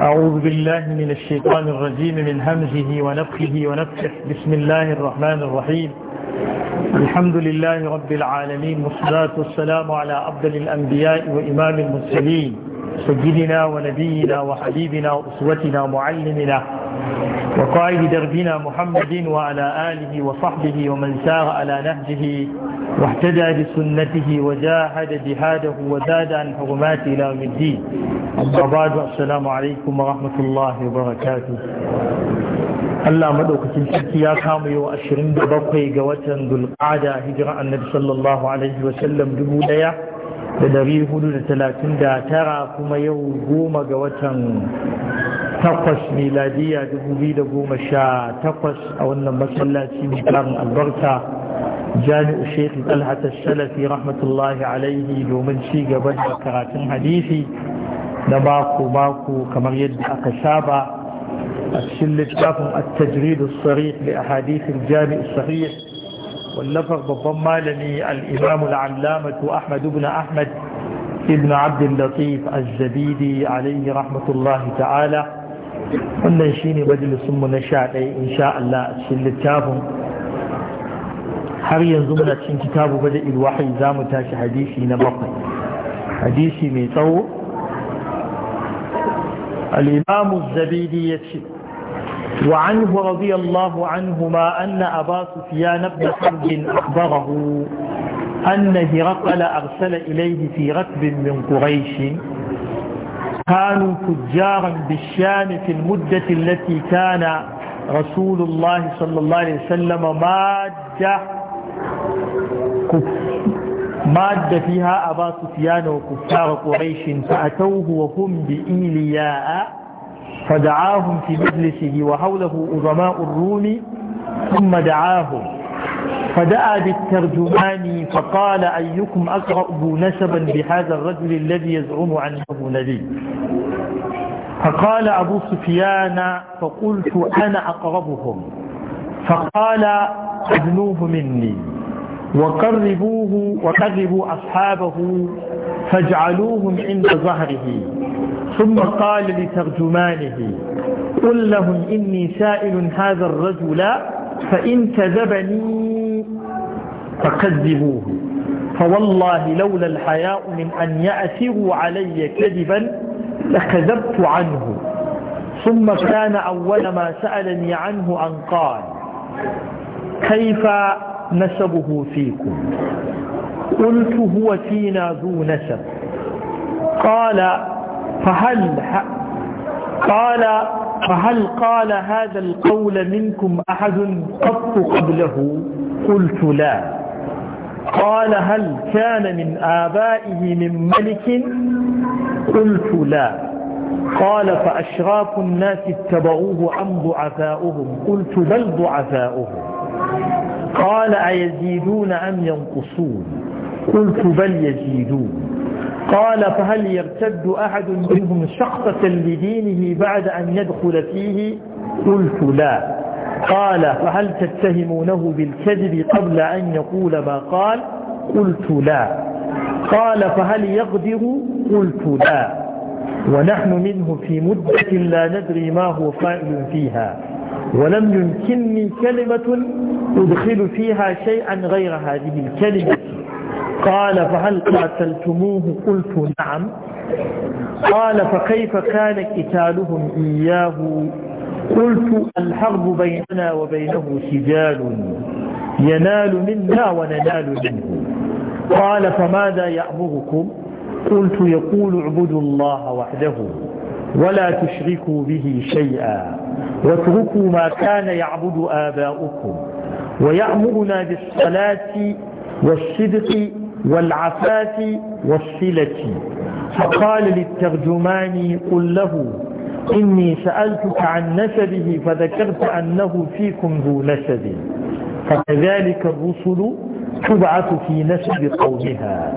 أعوذ بالله من الشيطان الرجيم من همزه ونفخه ونفخه بسم الله الرحمن الرحيم الحمد لله رب العالمين والصلاة والسلام على أفضل الأنبياء وإمام المرسلين سيدنا ونبينا وحبيبنا وأسوتنا معلمنا وقائد دربنا محمد وعلى آله وصحبه ومن سار على نهجه واحتجى بسنته وجاهد جهاده وزاد عن حرمات إلى يوم الدين أما السلام عليكم ورحمة الله وبركاته Allah madaukakin ciki ya kama yau ashirin da bakwai ga watan dulƙada hijira annabi sallallahu alaihi wa sallam dubu ɗaya da dari hudu da talatin da tara kuma yau goma ga watan takwas miladiya takwas a wannan masallaci mai karin albarka jami'u shekhi talhat salafi rahmatullahi alaihi domin ci gaba da karatun hadisi da mako-mako kamar yadda aka saba a cikin littafin at-tajrid as-sarih li ahadith al-jami' as-sahih wallafar babban malami al-imam al-allamah Ahmad ibn Ahmad ibn Abd al-Latif az-Zabidi alayhi rahmatullahi ta'ala wannan shine majalisun mu na sha ɗaya insha a cikin littafin har yanzu muna cikin kitabu bada il wahayi za mu tashi hadisi bakwai hadisi mai tsawo al-imamu zabidi ya ce wa anhu radiyallahu anhu ma anna aba sufiya na bin akhbarahu anna hirakala arsala ilayhi fi rakbin min كانوا تجارا بالشام في المدة التي كان رسول الله صلى الله عليه وسلم مادة مادة فيها أبا سفيان وكفار قريش فأتوه وهم بإيلياء فدعاهم في مجلسه وحوله عظماء الروم ثم دعاهم فدعا بالترجمان فقال أيكم أقرب نسبا بهذا الرجل الذي يزعم عنه نبي فقال أبو سفيان فقلت أنا أقربهم فقال أدنوه مني وقربوه وقربوا أصحابه فاجعلوهم عند ظهره ثم قال لترجمانه قل لهم إني سائل هذا الرجل فإن كذبني فكذبوه فوالله لولا الحياء من أن يأثروا علي كذبا لكذبت عنه ثم كان أول ما سألني عنه أن قال كيف نسبه فيكم قلت هو فينا ذو نسب قال فهل قال فهل قال هذا القول منكم أحد قط قبله قلت لا قال هل كان من آبائه من ملك قلت لا قال فأشراف الناس اتبعوه أم ضعفاؤهم قلت بل ضعفاؤهم قال أيزيدون أم ينقصون قلت بل يزيدون قال فهل يرتد أحد منهم شخصة لدينه بعد أن يدخل فيه قلت لا قال فهل تتهمونه بالكذب قبل أن يقول ما قال قلت لا قال فهل يغدر قلت لا ونحن منه في مدة لا ندري ما هو فاعل فيها ولم يمكنني كلمة أدخل فيها شيئا غير هذه الكلمة قال فهل قاتلتموه قلت نعم قال فكيف كان قتالهم إياه قلت الحرب بيننا وبينه سجال ينال منا وننال منه قال فماذا يأمركم قلت يقول اعبدوا الله وحده ولا تشركوا به شيئا واتركوا ما كان يعبد آباؤكم ويأمرنا بالصلاة والصدق والعفاف والصلة فقال للترجمان قل له إني سألتك عن نسبه فذكرت أنه فيكم ذو نسب فكذلك الرسل تبعث في نسب قومها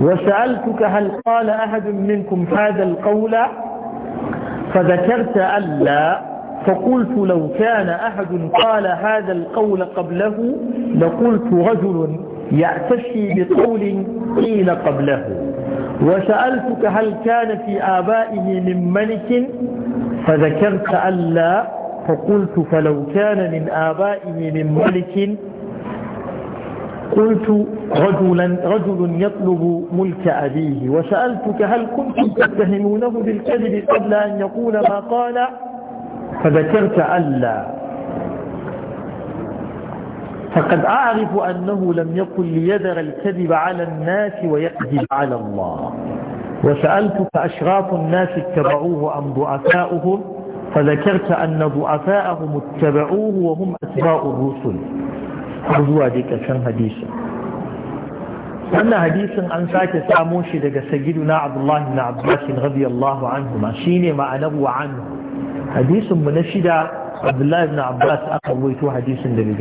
وسألتك هل قال أحد منكم هذا القول فذكرت ألا فقلت لو كان أحد قال هذا القول قبله لقلت رجل يعتشي بقول قيل قبله وسألتك هل كان في آبائه من ملك فذكرت ألا فقلت فلو كان من آبائه من ملك قلت رجلا رجل يطلب ملك أبيه وسألتك هل كنتم تتهمونه بالكذب قبل أن يقول ما قال فذكرت ألا فقد أعرف أنه لم يكن ليذر الكذب على الناس ويكذب على الله وسألتك أشراف الناس اتبعوه أم ضعفاؤهم فذكرت أن ضعفاءهم اتبعوه وهم أتباع الرسل أرزوا ذلك كان حديثا أن حديث عن ساكة ساموشي لك سيدنا عبد الله بن عباس رضي الله ما شيني ما أنبو عنه حديث منشد عبد الله بن عباس أقويته حديث لك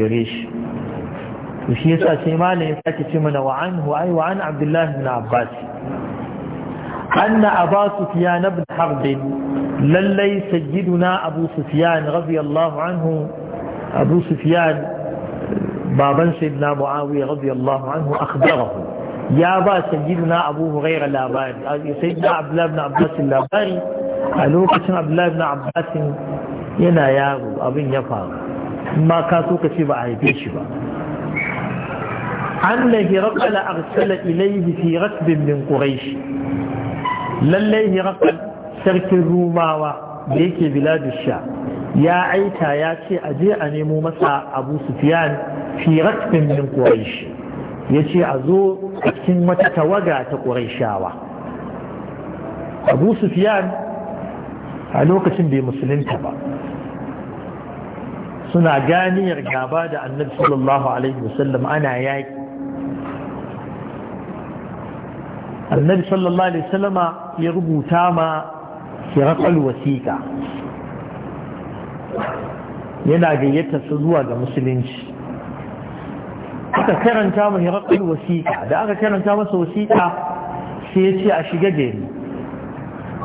to shi yasa sai malam ya sake ce mana wa anhu ai wa an abdullahi ibn abbas anna aba sufyan ibn harb lallai sayyiduna abu sufyan radiyallahu anhu abu sufyan baban sayyidina muawiya radiyallahu anhu akhbarahu ya ba sayyiduna abu hurairah labari sayyidina abdullahi ibn abbas labari a lokacin abdullahi ibn abbas yana yaro abin ya faru amma ka so ka ce ba a haife shi ba annahi raqala arsala ilaihi fi rakbin min quraish lallai hiraqal sarkin rumawa da yake Sha ya aita ya ce a je a nemo masa abu sufiyan fi rakbin min quraish yace a zo cikin wata tawaga ta quraishawa abu sufiyan a lokacin bai musulunta ba suna ganiyar gaba da annabi sallallahu alaihi wasallam ana yaki annabi sallallahu alaihi salama ya rubuta ma shirakal wasiƙa yana gayyata su zuwa ga musulunci aka karanta ma shirakal wasiƙa da aka karanta masa wasiƙa sai ya ce a shiga gari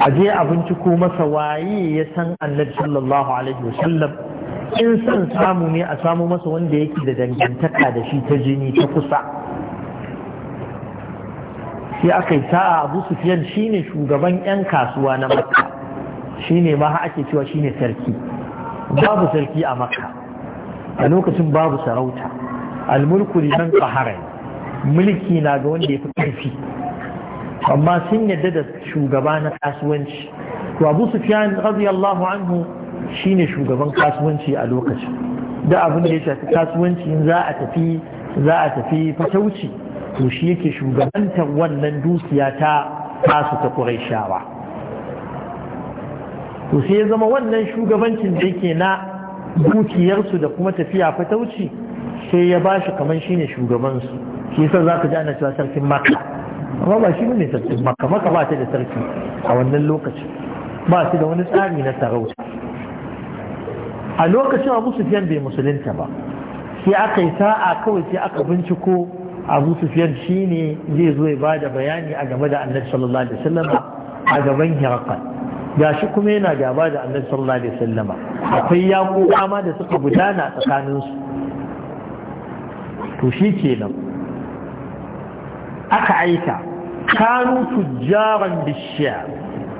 a je abinci ko masa waye ya san annabi sallallahu alaihi wasallam in san samu ne a samu masa wanda yake da dangantaka da shi ta jini ta kusa sai aka yi sa'a abu sufiyan ne shugaban 'yan kasuwa na makka ne ma ake cewa shi ne sarki babu sarki a makka a lokacin babu sarauta almulku liman qaharai mulki na ga wanda ya fi karfi amma sun yadda da shugaba na kasuwanci to abu sufiyan radiyallahu anhu shi ne shugaban kasuwanci a lokacin da abin da ya shafi kasuwanci za a tafi za a tafi to shi yake shugabantar wannan dukiya ta tasu ta ƙuraishawa to sai ya zama wannan shugabancin da yake na dukiyarsu da kuma tafiya fatauci sai ya ba shi kamar shi ne shugabansu shi yasa za ka ji ana cewa sarkin maka amma ba shi ne sarkin maka maka ba ta da sarki a wannan lokacin ba su da wani tsari na sarauta a lokacin abu sufiyan bai musulunta ba sai aka yi sa'a kawai sai aka binciko abu sufyan shine zai zo ya bada bayani a game da annabi sallallahu alaihi wasallam a gaban hirqal gashi kuma yana gaba da annabi sallallahu alaihi wasallam akwai yaƙuƙa ma da suka gudana tsakanin su to shi kenan aka aika kanu tujjaran bishiyar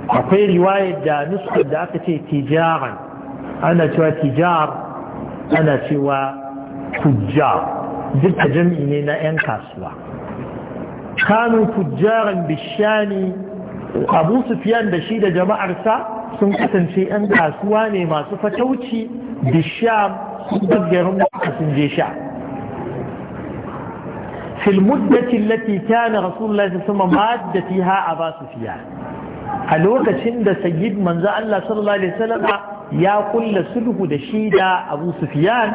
akwai riwayar da nuskar da aka ce tijaran ana cewa tijar ana cewa tujjar duk jami'i ne na 'yan kasuwa Kanun fujjaran bishani abu sufiyan da shi da jama'arsa sun kasance 'yan kasuwa ne masu fatauci bisham sun gaggarin sun je sha في المدة التي كان رسول الله صلى الله عليه وسلم ماد a lokacin da sayyid manzo Allah sallallahu alaihi wasallam ya kulla sulhu da shi da abu sufiyan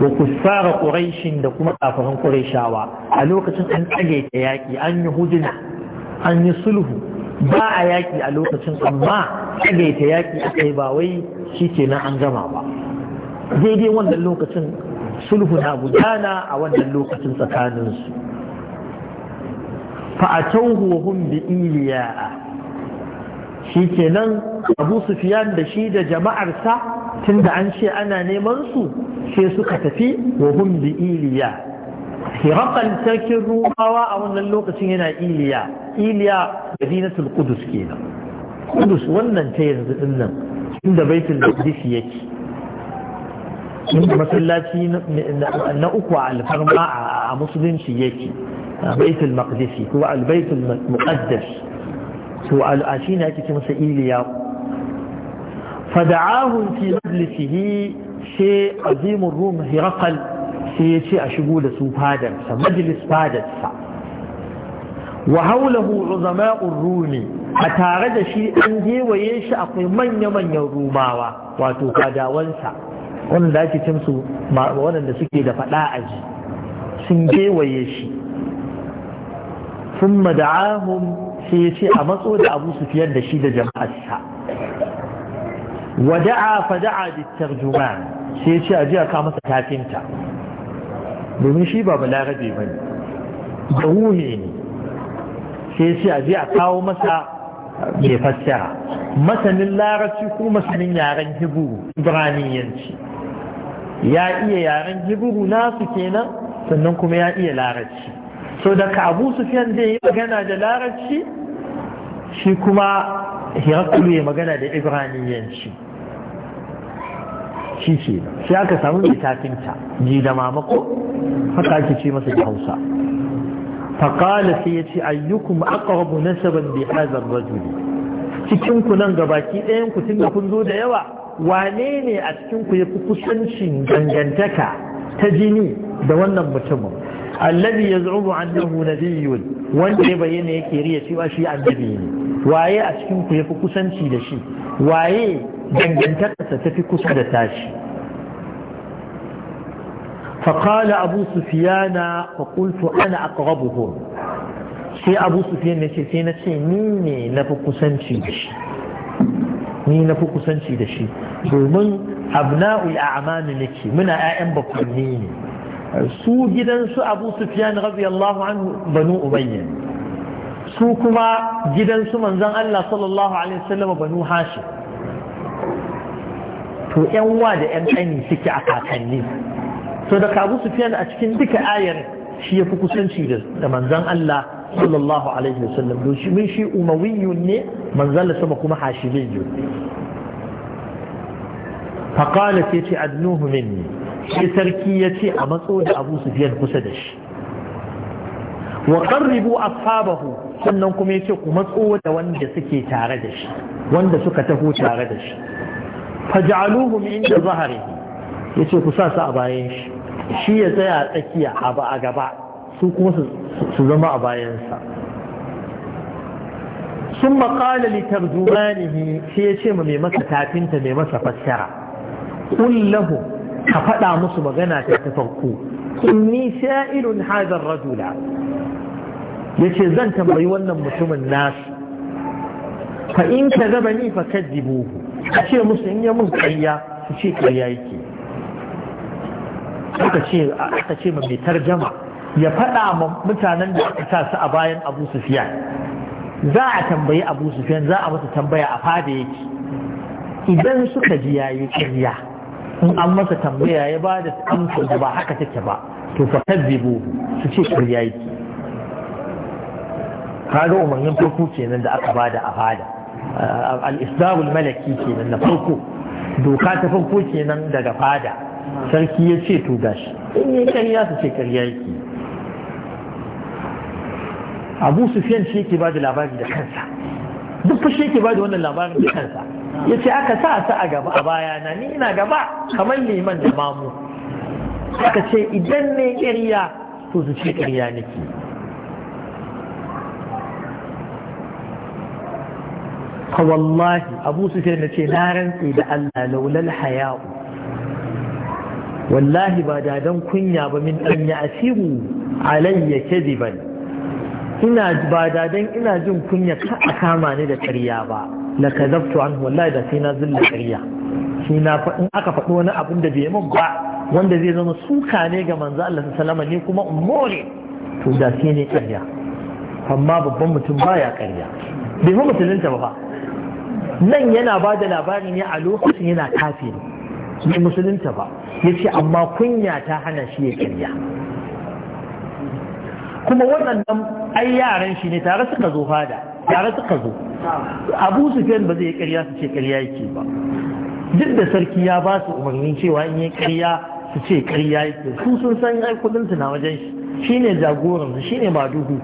da fara ƙuraishin da kuma kafaran ƙuraishawa a lokacin an tsage ta yaƙi an yi hujina, an yi sulhu ba a yaƙi a lokacin amma tsage ta yaƙi a ba wai shi kenan an gama ba daidai wannan lokacin sulhu na gudana a wannan lokacin tsakaninsu Fa wa hum bi shi kenan abu sufiyan da shi da jama'arsa tun da an ce ana neman su sai suka tafi wa hum bi iliya hirakal sarkin rumawa a wannan lokacin yana iliya iliya madinatul qudus kenan Kudus wannan ta yanzu din nan inda baitul maqdis yake inda masallaci na uku a alfarma a musulunci yake baitul maqdis ko al baitul muqaddas to al'ashi ne ake ce masa iliya fada'ahun fi majlisihi sai azimin rum hirakal sai ya ce a shigo da su fadarsa majlis fadarsa wa haulahu uzama'ur rumi a tare da shi an gewaye shi akwai manya-manyan rumawa wato fadawansa wanda ake cin su waɗanda suke da faɗa a ji sun gewaye shi sun mada'ahun sai ya ce a matso da abu sufiyan da shi da jama'arsa wada'a da'a da tarjuman sai ya ce a jiya ka masa tafinta domin shi ba balarabe ba ne da wuhi ne sai ya ce a jiya kawo masa mai fassara masanin larabci ko masanin yaren hiburu ibraniyanci ya iya yaren hiburu nasu kenan sannan kuma ya iya larabci sau da ka abu sufiyan zai yi magana da larabci shi kuma hirakulu ya magana da ibraniyanci shi ce shi aka samu littafinta. tafinta ji da mamako haka ake ce masa da hausa faƙala sai ya ce ayyukun aqrabu nasaban bi hadha ar-rajul cikin Cikinku nan gabaki ɗayan ku tunda kun zo da yawa wane ne a cikinku ya fi kusancin dangantaka ta jini da wannan mutumin allazi yaz'ubu annahu nabiyyun wanda ya bayyana yake riya cewa shi annabi ne waye a cikin ku yafi kusanci da shi waye dangantakarsa tafi kusa da tashi فقال أبو سفيان فقلت أنا أقربهم sai abu su ce sai na ce ni ne kusanci da na fi kusanci da shi domin abna'ul a'mani nake muna 'ya'yan bakwanni ne su gidansu abu sufyan radiyallahu anhu banu ubayya su kuma gidansu manzon Allah sallallahu alaihi wasallam banu hashim to ƴan wa da ƴan ƙani suke a kakanni to da abu sufyan a cikin duka ayar shi ya fi kusanci da manzon Allah sallallahu alaihi wasallam domin shi umawiyyun ne manzon Allah sama kuma hashimiyyu faƙala sai ce adnuhu minni sai sarki ya ce a matso da abu fiye kusa da shi wa a ashabahu sannan kuma yace ku matso da wanda suke tare da shi wanda suka taho tare da shi faj'aluhum inda ya ce ku sa su a bayan shi shi ya tsaya a tsakiya a gaba su kuma su zama a bayansa sun maƙala litar zumanihi shi ya ce ma mai masa tafinta mai masa fassara kullahu ka faɗa musu magana ta ta farko inni sha'ilun hadar rajula ce zan tambayi wannan mutumin nasu fa in ka zaba ni fa kaddibuhu a ce musu in ya musu ƙarya su ce ƙarya yake aka ce mai tarjama ya faɗa ma mutanen da aka sa su a bayan Abu Sufyan za a tambayi Abu Sufyan za a masa tambaya a fada yake idan suka ji yayi ƙarya in an masa tambaya ya ba da amsa da ba haka take ba to fa kazzibu su ce ƙarya yake kaga umarnin farko kenan da aka bada a bada al-islamul malaki kenan na farko doka ta farko kenan daga fada sarki ya ce to gashi in yi ƙarya su ce ƙarya yake abu sufiyan shi ke ba da labari da kansa duk fa shi ke ba da wannan labarin da kansa ya ce aka sa su a gaba a bayana ni ina gaba kamar liman da mamu aka ce idan ne ƙirya to su ce ƙirya nake ka wallahi abu su na ce na rantse da allah laulal haya'u wallahi ba da don kunya ba min ɗan ya asiru alayya kadiban ina ba da don ina jin kunya ka a kama ni da ƙarya ba la kadabtu anhu wallahi da sina zulla kariya sina sai na in aka faɗi wani abin da bai min ba wanda zai zama suka ne ga manzo Allah wasallam ne kuma umore to da sai ne amma babban mutum baya kariya bai mu ta ba nan yana ba da labari ne a lokacin yana kafiri bai musulunta ba yace amma kunya ta hana shi ya ƙarya kuma waɗannan ai yaran shi ne tare suka zo fada tare suka zo abu fiye ba zai yi karya su ce karya yake ba duk da sarki ya ba su umarni cewa in yi karya su ce karya yake su sun san ai kudin na wajen shi shine jagoran su shine ba duhu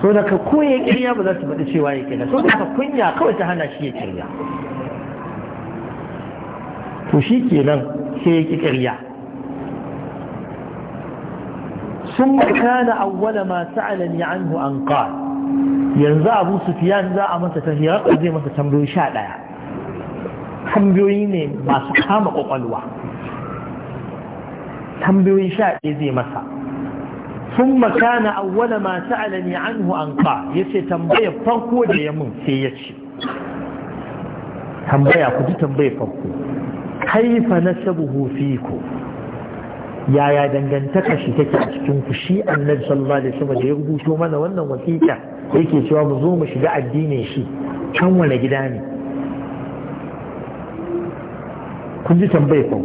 so ka ko ya kirya ba za su faɗi cewa ya kirya so daga kunya kawai ta hana shi ya karya to shi kenan sai ya ki kirya sun kana awwala ma sa'alani anhu an qala yanzu abu sufyan za a masa tafi ya kaje masa tambayoyi 11 tambayoyi ne masu kama kokolwa tambayoyi 11 zai masa sun makana awwala ma sa'alani anhu an qala yace tambaya farko da ya mun sai ya ce tambaya ku ji tambaya farko kaifa nasabuhu fiku yaya dangantaka shi take a cikin ku shi annabi sallallahu alaihi wasallam da ya rubuto mana wannan wasiƙa yake cewa mu zo mu shiga addinin shi kan wani gida ne kun ji tambayar ku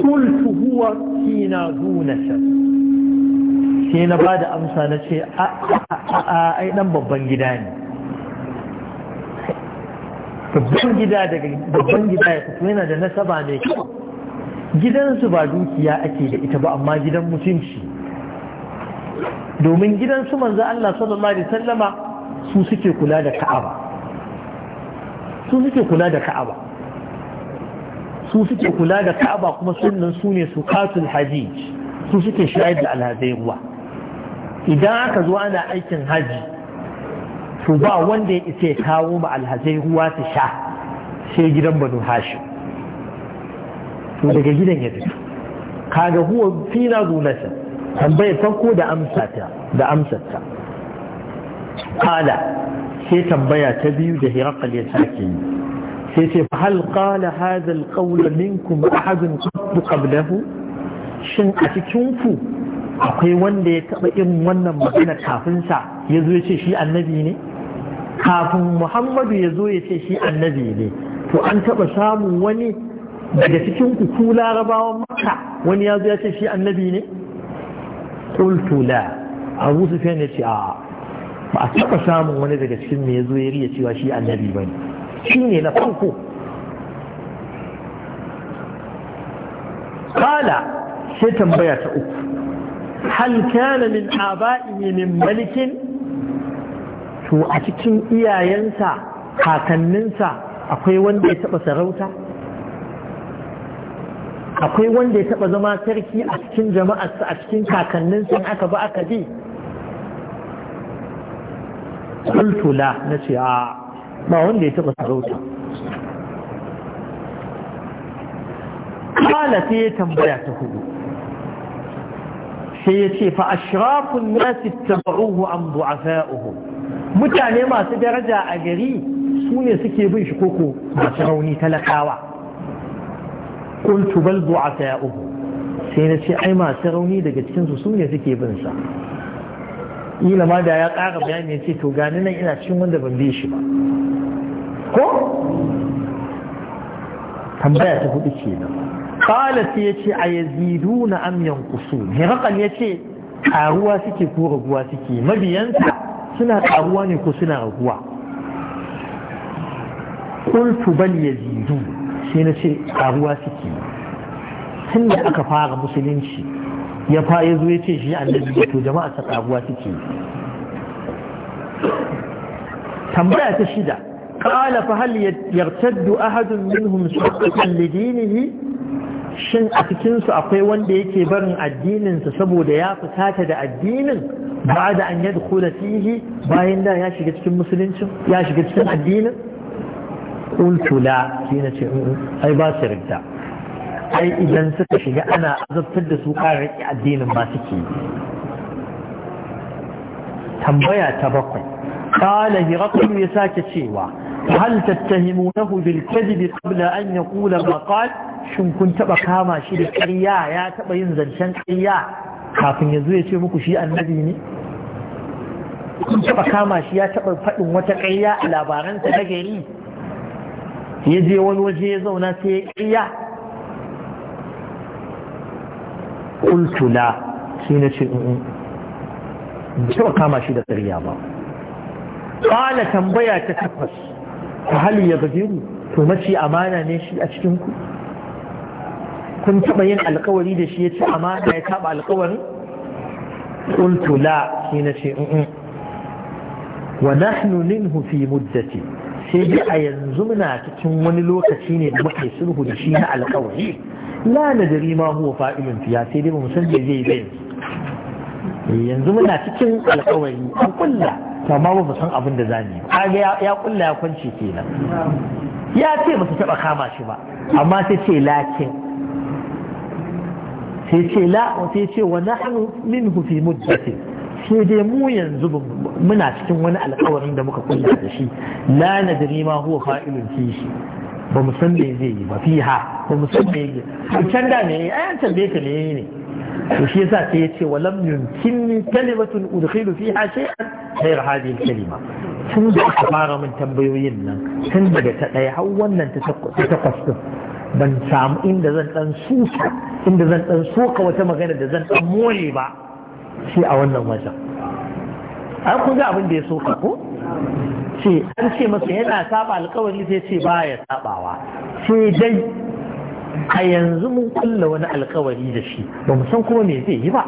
qultu huwa kina dunasa sai na bada amsa na ce a a ai dan babban gida ne babban gida daga babban gida ya fito yana da nasaba mai kyau gidansu ba dukiya ake da ita ba amma gidan mutunci domin gidansu manzo Allah sallallahu alaihi sallama su suke kula da ka'aba su suke kula da ka'aba su suke kula da ka'aba kuma sunan su ne sukatul su suke shayar da alhazai ruwa idan aka zo ana aikin haji to ba wanda ya isa ya kawo ma alhazai ruwa su sha sai gidan banu hashim to daga gidan ya fito kaga huwa fi na zunata tambayar farko da amsata da amsata kala sai tambaya ta biyu da hirakal ya sake yi sai sai ce hal qala hadha a minkum ahadun qablahu shin a cikin ku akwai wanda ya taba irin wannan magana kafin sa ya zo ya ce shi annabi ne kafin muhammadu ya zo ya ce shi annabi ne to an taba samun wani daga cikin ku ku larabawan maka wani ya zo ya ce shi annabi ne qultu la abu sufyan ya ce a ba a taɓa samun wani daga cikin me ya zo ya riya cewa shi annabi ba ne shi ne na farko kala sai tambaya ta uku hal kana min aba'ihi min malikin to a cikin iyayensa kakanninsa akwai wanda ya taɓa sarauta akwai wanda ya taba zama sarki a cikin jama'arsa a cikin kakannin sun aka ba aka bi kultula na ce a ba wanda ya taba sarauta kala sai ya tambaya ta hudu sai ya ce fa ashrafun nasi taba'uhu an bu'afa'uhu mutane masu daraja a gari su ne suke bin shi koko masu rauni talakawa a bal uku. sai na ce ai masu rauni daga cikin su sune suke bin sa ila ma da ya ƙara bayani ya ce to gani nan ina cikin wanda ban bi shi ba ko tambaya ta hudu ce nan sai ya ce a yaziduna am yanqusun hirqal ya ce karuwa suke ko raguwa suke mabiyansa suna karuwa ne ko suna raguwa qultu bal yazidu sai na ce karuwa suke tun da aka fara musulunci ya fa ya zo ya ce shi annabi to jama'a ta karuwa suke tambaya ta shida qala fa hal yartaddu ahadun minhum shaqqa lidinihi shin a cikin su akwai wanda yake barin addinin sa saboda ya fitata da addinin ba da an kula fihi bayan da ya shiga cikin musulunci ya shiga cikin addinin qultu la sai na ce ai ba su ridda ai idan suka shiga ana azabtar da su ƙara riƙe addinin ba suke yi tambaya ta bakwai قال هرقل يساك تشيوا هل تتهمونه بالكذب قبل أن يقول ما قال شن كنت بكاما شي الكرياء يا تبا ينزل شن كرياء kafin ya zo ya ce muku shi annabi ne kun taba kama shi ya taɓa faɗin wata ƙarya a labaransa na gari ya je wani waje ya zauna sai ya ƙiya ƙultula shi na ce ba kama shi da tsariya ba ƙala tambaya ta takwas ta hali ya gajiru to mace amana ne shi a cikinku? kun taɓa yin alkawari da shi ya ci amana ya taɓa alkawarin ƙultula shi na ce wa nahnu minhu fi muddati sai dai a yanzu muna cikin wani lokaci ne da muke sulhu da shi na alƙawari la nadari ma huwa fa'ilun fiya sai dai mu san zai yi eh, yanzu muna cikin alƙawari an kulla to amma ba mu san abin da zani yi kage ya kulla ya kwance kenan ya ce ba su taba kama shi ba amma sai ce lakin sai ce la sai ce wa nahnu minhu fi muddatin sai dai mu yanzu muna cikin wani alkawarin da muka kulla da shi la nadri ma huwa fa'ilun fi shi ba mu san me zai yi ba ha. ba mu san me yi to can da ne ai an tambaye ka ne ne to shi yasa sai yace wa lam yumkinni kalimatun udkhilu fiha shay'an ghayr hadhihi kalima tun da aka fara min tambayoyin nan tun daga ta ɗaya har wannan ta takwas din ban samu inda zan dan suka inda zan dan soka wata magana da zan dan more ba shi a wannan wajen an kun ga abin da ya soka ko ce an ce masa yana saba alkawari sai ce ba ya sabawa sai dai a yanzu mun kulla wani alkawari da shi ba mu san kuma me zai yi ba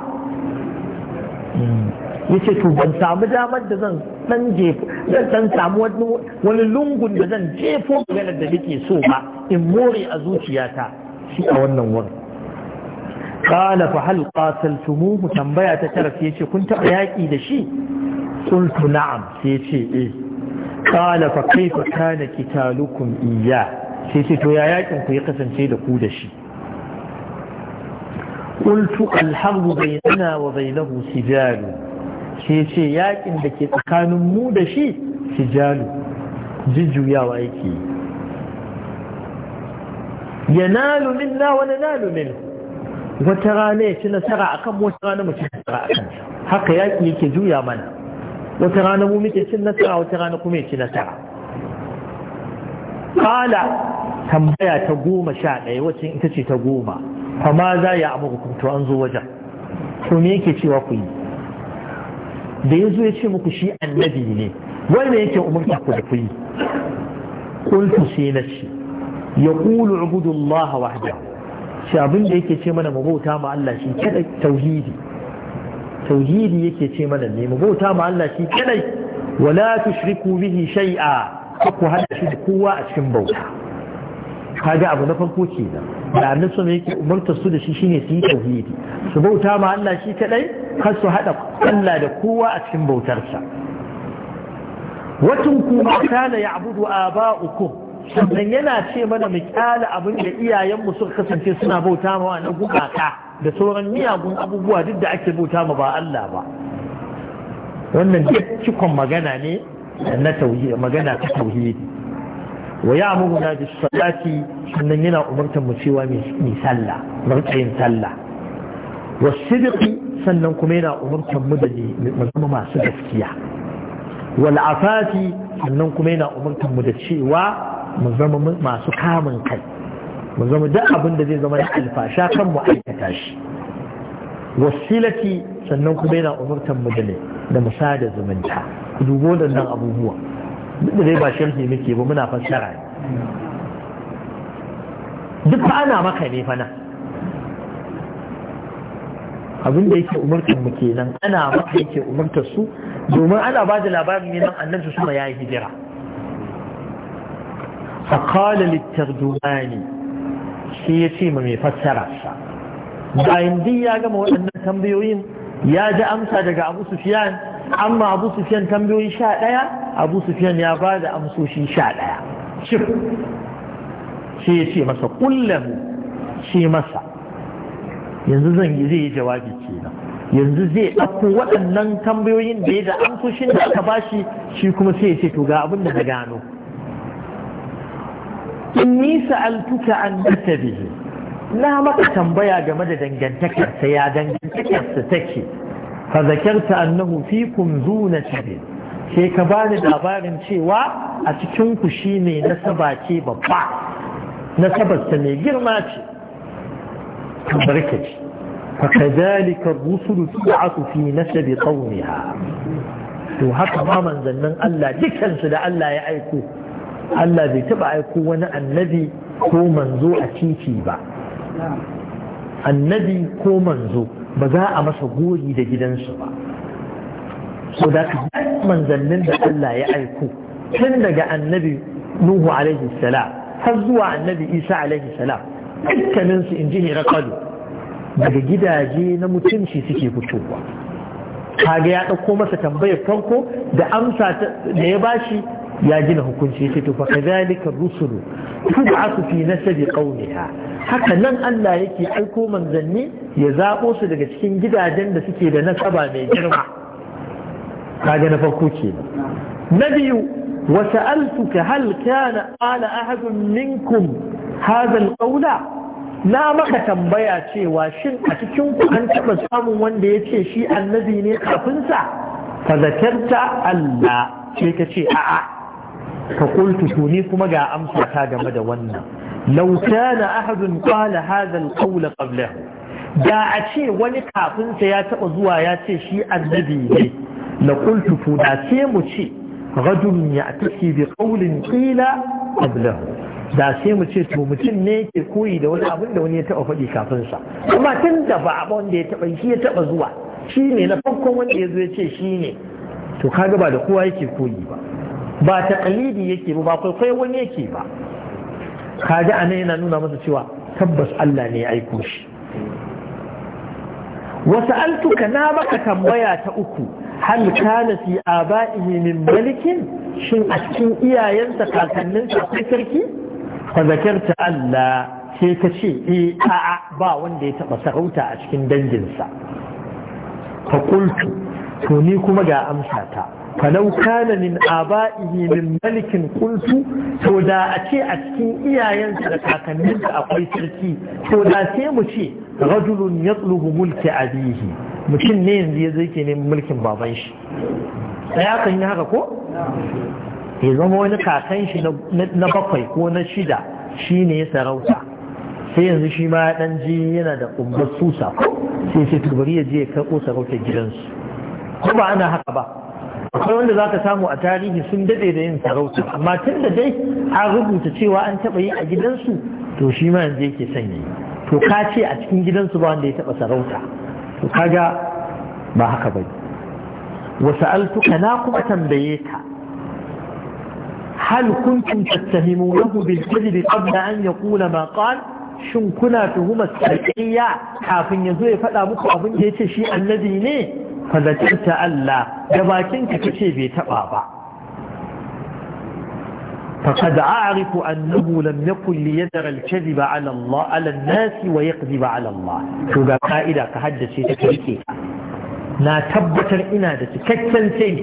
hmm. ya ce to ban samu damar da zan dan jefo zan dan samu wani lungun da zan jefo ganar da nake so ba in more a zuciyata shi a wannan wurin Ƙala fa hal tumu mu tambaya ta tara sai ce kun taɓa yaƙi da shi? Ƙuntu na'am sai ce eh. Ƙala fa kai fa kana iya sai to ya yaƙin ku ya kasance da ku da shi. Ƙuntu alhamdu bai tana wa bai lahu sijalu sai ce yaƙin da ke tsakanin mu da shi sijalu jijjuyawa yake. Yanalu minna wani nalu minhu wata rana ya ci nasara a kan wata rana mace nasara a kan haka yaƙi yake juya mana wata rana mu muke cin nasara wata rana kuma ya ci nasara kala tambaya ta goma sha ɗaya wacce ita ce ta goma Kama za ya amurka hukunto an zo wajen to me yake cewa ku yi da ya zo ya ce muku shi annabi ne wanda yake umarta ku da ku yi kultu sai na ce ya ƙulu ubudullah wahdahu shi abin da yake ce mana mu bauta ma Allah shi kadai tauhidi tauhidi yake ce mana ne mu bauta ma Allah shi kadai wala tushriku bihi shay'a ku hada shi da kowa a cikin bauta kaga abu na farko kenan da annabi sun yake umartar su da shi shine su yi tauhidi su bauta ma Allah shi kadai kar su hada Allah da kowa a cikin bautarsa watun kuma kana ya'budu aba'ukum sannan yana ce mana mu kyala abin da iyayenmu suka kasance suna bauta ma na gumaka da sauran miyagun abubuwa duk da ake bauta ma ba Allah ba wannan duk cikon magana ne na tauhidi magana ta tauhidi wa ya ya'muruna bis salati sannan yana umartar mu cewa mu sallah mu yin sallah Wa wasidiki sannan kuma yana umartar mu da mu zama masu gaskiya wal'afati sannan kuma yana umartar mu da cewa mu zama masu kamun kai mu zama duk abin da zai zama da alfasha kan mu aikata shi wasilati sannan kuma yana umurtan mu da ne da mu sada zumunta ku dubo nan abubuwa duk da dai ba sharhi muke ba muna fassara ne duk fa ana maka ne fa nan abin da yake umurtan mu kenan ana maka yake umartar su domin ana ba da labarin neman annan su suma ya hijira faƙala dumani, shi ya ce ma mai fassara sa bayan duk ya gama waɗannan tambayoyin ya ji amsa daga abu sufiyan amma abu sufiyan tambayoyi sha ɗaya abu sufiyan ya ba da amsoshi sha ɗaya shi shi ya ce masa kullahu shi masa yanzu zan zai yi jawabi kenan yanzu zai ɗauko waɗannan tambayoyin da ya da amsoshin da aka bashi shi kuma sai ya ce to ga abin da na gano In nisa sa'altuka an nasabihi na maka tambaya game da dangantakarsa ya dangantakarsa take fa zakarta annahu fikum zuna tabi Ke ka bani labarin cewa a cikin ku shine nasaba ce babba ta mai girma ce barkaci فكذلك الرسل تبعث في نسب قومها وهكذا من Allah, الله da سدى الله aiko. Allah bai taɓa aiko wani annabi ko manzo a titi ba annabi ko manzo ba za a masa gori da gidansu ba so da manzannin da Allah ya aiko tun daga annabi Nuhu alaihi salam har zuwa annabi Isa alaihi salam dukkanin su inji Herakalu daga gidaje na mutunci suke fitowa kaga ya ɗauko masa tambayar farko da amsa da ya bashi ya gina hukunci ce to fa kadhalika rusulu tub'atu fi nasabi qawliha haka nan Allah yake aiko manzanni ya zabo su daga cikin gidajen da suke da nasaba mai girma kaga na farko ke na biyu wa sa'altuka hal kana ala ahadun minkum hadha na maka tambaya cewa shin a cikin ku an taba samun wanda ya ce shi annabi ne kafinsa? sa fa zakarta Allah sai ka ce a'a Ka qultu ni kuma ga amsa ta game da wannan law kana ahadun qala hadha al-qawl da a ce wani kafin sa ya taba zuwa ya ce shi annabi ne la kultu to da ce mu ce rajul ya'tiki bi qawlin qila qablahu da sai mu ce to mutum ne ke koyi da wani abin da wani ya taba faɗi kafin sa amma tun da ba abin wanda ya taba shi ya taba zuwa shine na farkon wanda ya zo ya ce shi ne to kaga ba da kowa yake koyi ba ba taqlidi yake ba ba kwaikwai wani yake ba kaji anan yana nuna masa cewa tabbas Allah ne ya aiko shi wasa'altuka na baka tambaya ta uku hal kana fi aba'ihi min malikin shin a cikin iyayensa kakanninsa akwai sarki fa zakarta Allah sai ka ce eh a'a ba wanda ya taba sarauta a cikin danginsa fa qultu to ni kuma ga amsa ta falau kana min aba'ihi min malikin to da a ce a cikin iyayensa da kakanninsa akwai sarki to da sai mu ce rajulun yatlubu mulki abihi mutum ne yanzu ya zai ke neman mulkin baban shi sai aka yi haka ko ya zama wani kakan shi na bakwai ko na shida shi ne ya sarauta sai yanzu shi ma dan ji yana da kumbar susa sai sai tubari ya je ya karɓo sarautar gidansu ko ba ana haka ba akwai wanda za ka samu a tarihi sun daɗe da yin sarauta amma tun da dai an rubuta cewa an taɓa yi a gidansu to shi ma yanzu yake sanya to ka ce a cikin gidansu ba wanda ya taɓa sarauta to kaga ba haka ba wasu altuka na kuma tambaye ka hal kuntum tattahimu lahu bil kadhibi qabla an yaqula ma qala shin kuna tuhumar sarkiya kafin ya zo ya faɗa muku abin da ya ce shi annabi ne fazakirta Allah da bakinka ka ce bai taɓa ba فقد أعرف أنه لم يكن ليذر الكذب على الله على الناس ويكذب على الله شو قال قائدة كهدى تكريكي نا تبتر إنا دا تكتن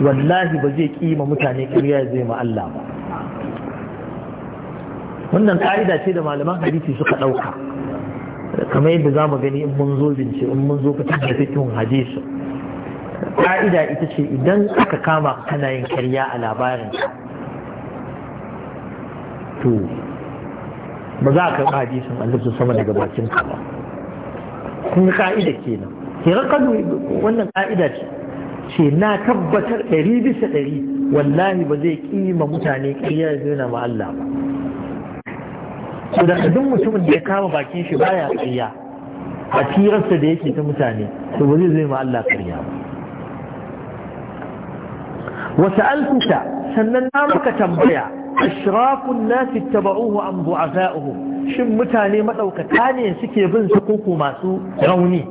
والله بزيك إيما متاني كريا زي ما الله wannan ka'ida ce da malaman hadisi suka ɗauka kamar yadda za mu gani in mun zo in mun zo fitar da Ka'ida ita ce idan aka kama kana yin karya a labarin to ba za a karɓi hadisin annabi sama daga bakin ka ba kun ka'ida kenan kenan kadu wannan ka'ida ce ce na tabbatar ɗari bisa ɗari wallahi ba zai kima mutane ƙarya da zai ma Allah ba so da duk mutumin da ya kama bakin shi baya ƙarya a firarsa da yake ta mutane to ba zai zai ma Allah ƙarya ba وسألتك سنن نامك تنبيع أشراف الناس اتبعوه أم ضعفاؤه شم متاني مدوك تاني سكي بن سقوق ماسو روني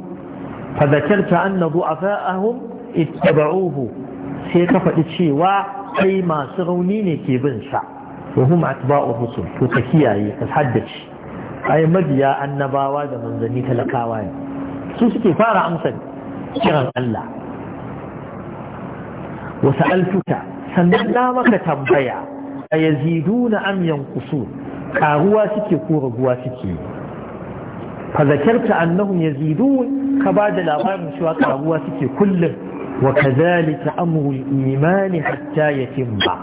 فذكرت أن ضعفاءهم اتبعوه سيكفة الشيواء أي ما سرونيني كي بن سع وهم أتباع الرسل تتكيئي تتحدث أي مديا النباوة من ذني تلقاوان سوسكي فارع أمسك kiran Allah Wasu sa'altuka sannan na maka tambaya a yaziduna am kusu karuwa suke ko raguwa suke fa zakarta yazidu yazidun ka ba da labarin cewa karuwa suke kullum wa kadhalika amru imani iman hatta yatimma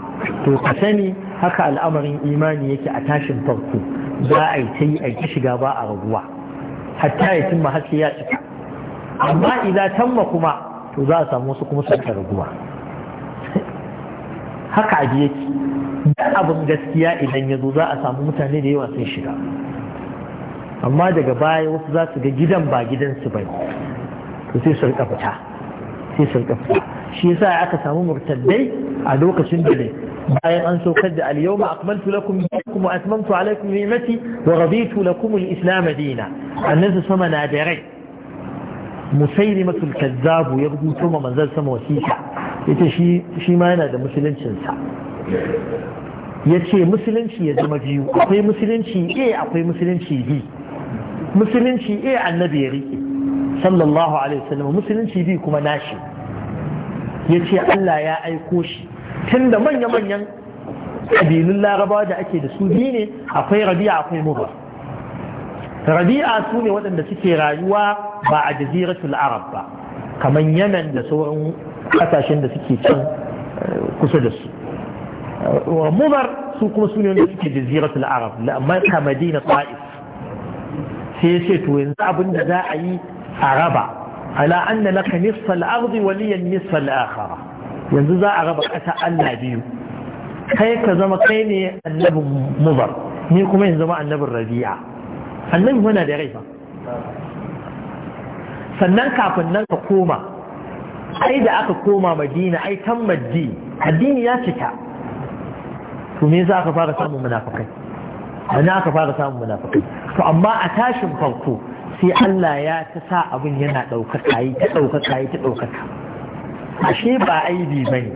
to ka sani haka al'amarin imani yake a tashin farko za a yi ta yi a shiga ba a raguwa hatta yatimma har sai ya cika amma idan tamma kuma to za a samu wasu kuma sun raguwa haka abu yake duk abin gaskiya idan ya zo za a samu mutane da yawa sun shiga amma daga baya wasu za su ga gidan ba gidansu ba to sai su rika fita sai su rika fita shi yasa aka samu murtaddai a lokacin da ne bayan an saukar da al-yawma akmaltu lakum dinakum wa atmamtu alaykum ni'mati wa raditu lakum al-islam dina annabi sama na da rai musailimatu kazzabu ya rubuto ma manzon sama wasiƙa ita shi ma yana da musuluncinsa ya ce musulunci ya zama biyu akwai musulunci a akwai musulunci bi. musulunci a annabi ya riƙe sallallahu alaihi wasallam musulunci bi kuma nashi ya ce allah ya aiko shi tun da manya-manyan ƙabilun larabawa da ake da su biyu ne akwai rabi'a akwai mubar rabi'a su ne waɗanda suke rayuwa ba a jaziratul arab ba kamar yanan da sauran kasashen da suke can eh, kusa da su mubar su kuma su ne wanda suke jaziratul arab marka madina ta'if sai ce to yanzu abin da za a yi a raba ala anna laka nisfa al-ardi wa liya nisfa al-akhara yanzu za a raba kasa Allah biyu kai ka zama kai ne annabin mubar ni kuma yanzu zama annabin rabi'a annabi muna da rai fa sannan kafin nan ka koma ai da aka koma madina ai kan maddi addini ya cika to me yasa aka fara samun munafikai ana aka fara samun munafikai to amma a tashin farko sai Allah ya ta sa abin yana ɗaukaka yi ta ɗaukaka yi ta ɗaukaka ashe ba aibi bane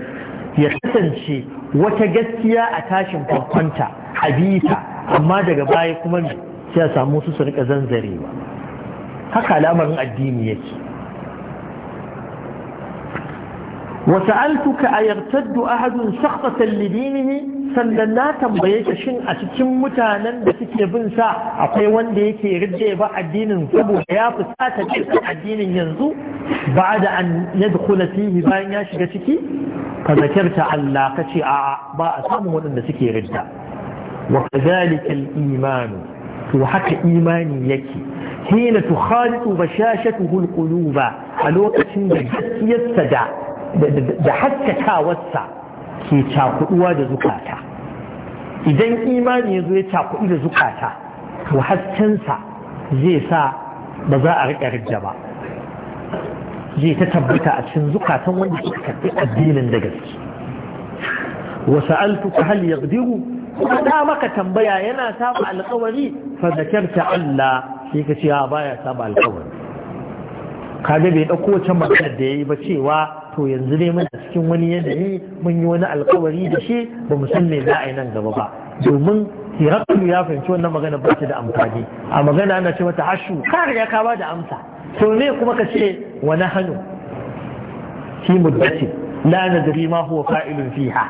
ya kasance wata gaskiya a tashin farkonta a bita amma daga baya kuma sai a samu su su rika zanzarewa haka al'amarin addini yake وسألتك أيرتد أحد سخطة لدينه sannan na tambaye ka shin a cikin mutanen da suke bin sa akwai wanda yake ridde ba addinin saboda ya fusata cikin addinin yanzu ba da an yadkhula fihi bayan ya shiga ciki ka zakarta Allah ka ce a'a ba a samu waɗanda suke ridda wa kadhalika to haka imani yake hina tukhalitu bashashatuhu al ba a lokacin da gaskiyar da da haskakawarsa ke cakuduwa da zukata idan imani ya zo ya cakudu da zukata to haskensa zai sa ba za a riƙa rijja ba zai ta tabbata a cikin zukatan wanda suka karɓi addinin da gaske wasu alfuka hal yardiru, kuma da maka tambaya yana saba alkawari fa Allah sai ka ce baya saba alkawari kaga bai ɗauko wacce magana da yayi ba cewa to yanzu dai muna cikin wani yanayi mun yi wani alkawari da shi ba mu san me za a yi nan gaba ba domin hirakulu ya fahimci wannan magana ba ta da amfani a magana ana ce mata hashu ka ya ka da amsa to me kuma ka ce wani hannu fi muddatin la nadri ma huwa fa'ilun fiha